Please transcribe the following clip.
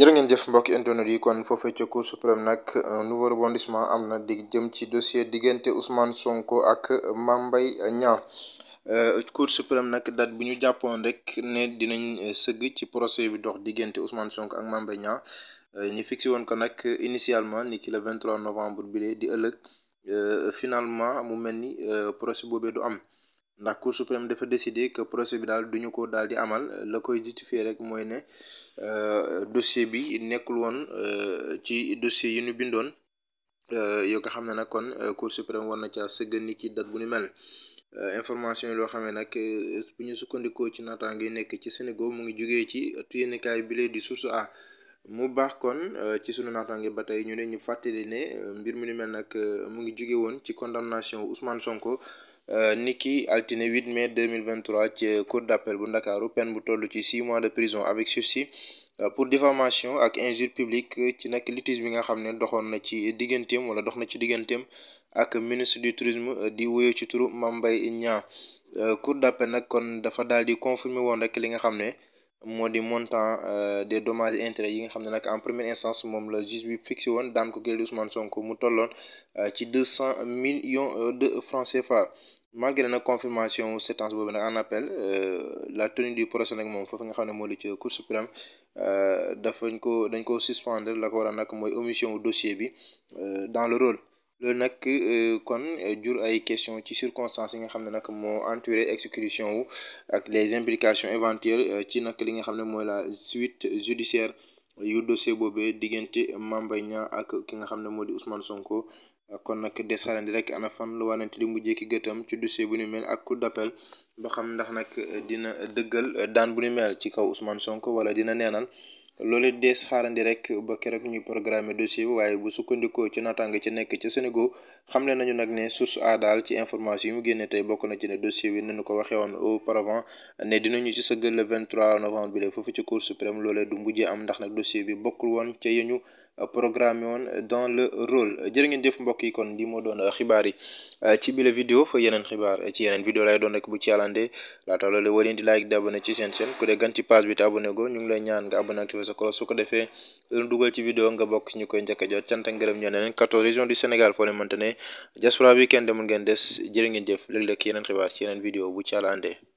jërë ngeen jëf mbokki internet yi kon foofee ca cour suprême nag un nouveau rebondissement am na di jëm ci dossier diggante Ousmane Sonko ak Mame Mbaye Niang euh, cour suprême nag date bu ñu jàppoon rek ne dinañ euh, sëgg ci procès bi dox diggante Ousmane Sonko ak Mame Mbaye euh, ñi ñu woon ko nag initialement ni ki le novembre bi di ëllëg finalement mu mel ni procès boobee du am. ndax cour suprême dafa décider que procès bi daal duñu ko daal di amal la koy justifier rek mooy ne euh, dossier bi nekkul woon euh, ci dossier yi ñu bindoon euh, yoo nga xam ne nag kon cour suprême war na caa sëggani ci date bu ni mel information yi loo xam ne nag bu ñu sukkandikoo ci naataango yi nekk ci Sénégal mu ngi jógee ci tuyénikaay bi lee di source a mu baax kon ci sunu naataange ba tey ñu ne ñu fàttali ne mbir mu ni mel nag mu ngi jóge woon ci condamnation Ousmane Sonko euh, niki altine 8 mai 2023 ci cour d'appel bu ndakaaru peine bu tollu ci 6 mois de prison avec sursis euh, pour diffamation ak injure publique ci nak litige bi nga xamné ne na ci digganteem wala dox na ci digganteem ak ministre du tourisme euh, di woyo ci turu Mame Niang cour d'appel nak kon dafa daldi confirmer won rek li nga xamné modi montant des dommages et intérêts yi nga xamné nak en première instance mom la juge bi fixé won daan ko kii Ousmane Sonko mu tolloon ci 200 millions de francs CFA malgré la confirmation ou cette nag en appel euh, la tenue du procès nag moom foofu nga xam ne moo di ci suprême euh, dafañ ko dañ ko suspendre la ko waral nag mooy omission dossier bi euh, dans le rôle loolu nag kon jur ay question ci circonstances yi nga xam nak mo entourer exécution ou ak les implications éventuelles ci nak li nga xam moy la suite judiciaire yu dossier bobé diggante Mame ak ki nga xam modi Ousmane Sonko kon nag des xaarandi rek ana fan lu wanante di mujjee ki gëtam ci dossier bu ni mel ak ku d'appel ba xam ndax nag dina dëggal daan bu ni mel ci kaw Ousmane sonk wala dina neenal loolu dees xaarandi rek ba keroog ñuy programme dossier bi waaye bu sukkandikoo ci naataange ci nekk ci Sénégal xamle nañu nag ne source a daal ci information yi mu génne tey bokk na ci ne dossier bi nañu ko waxee woon auparavant ne dinañu ci sëggal le 23 novembre bi la foofu ci cour suprême loolee du mujjee am ndax nag dossier bi bokkul woon ca yeñu programmé woon dans le rôle jërë ngeen jëf mbokk yi kon li moo doon xibaar yi euh, ci bile vidéo fa yeneen xibaar ci yeneen vidéo lay doon rek bu ci yàllande laata loolu war di like di ci seen seen ku dee gan ci page bi te abonné go ñu ngi lay ñaan nga abonné activé sa ko defee lu dugal ci vidéo nga bokk ñu koy njëkk jot cant ak ngërëm ñoo ne leen 14 régions du Sénégal foo leen mënte ne diaspora bi kenn demul ngeen des jërë ngeen jëf léeg-léeg yeneen xibaar ci yeneen bu ci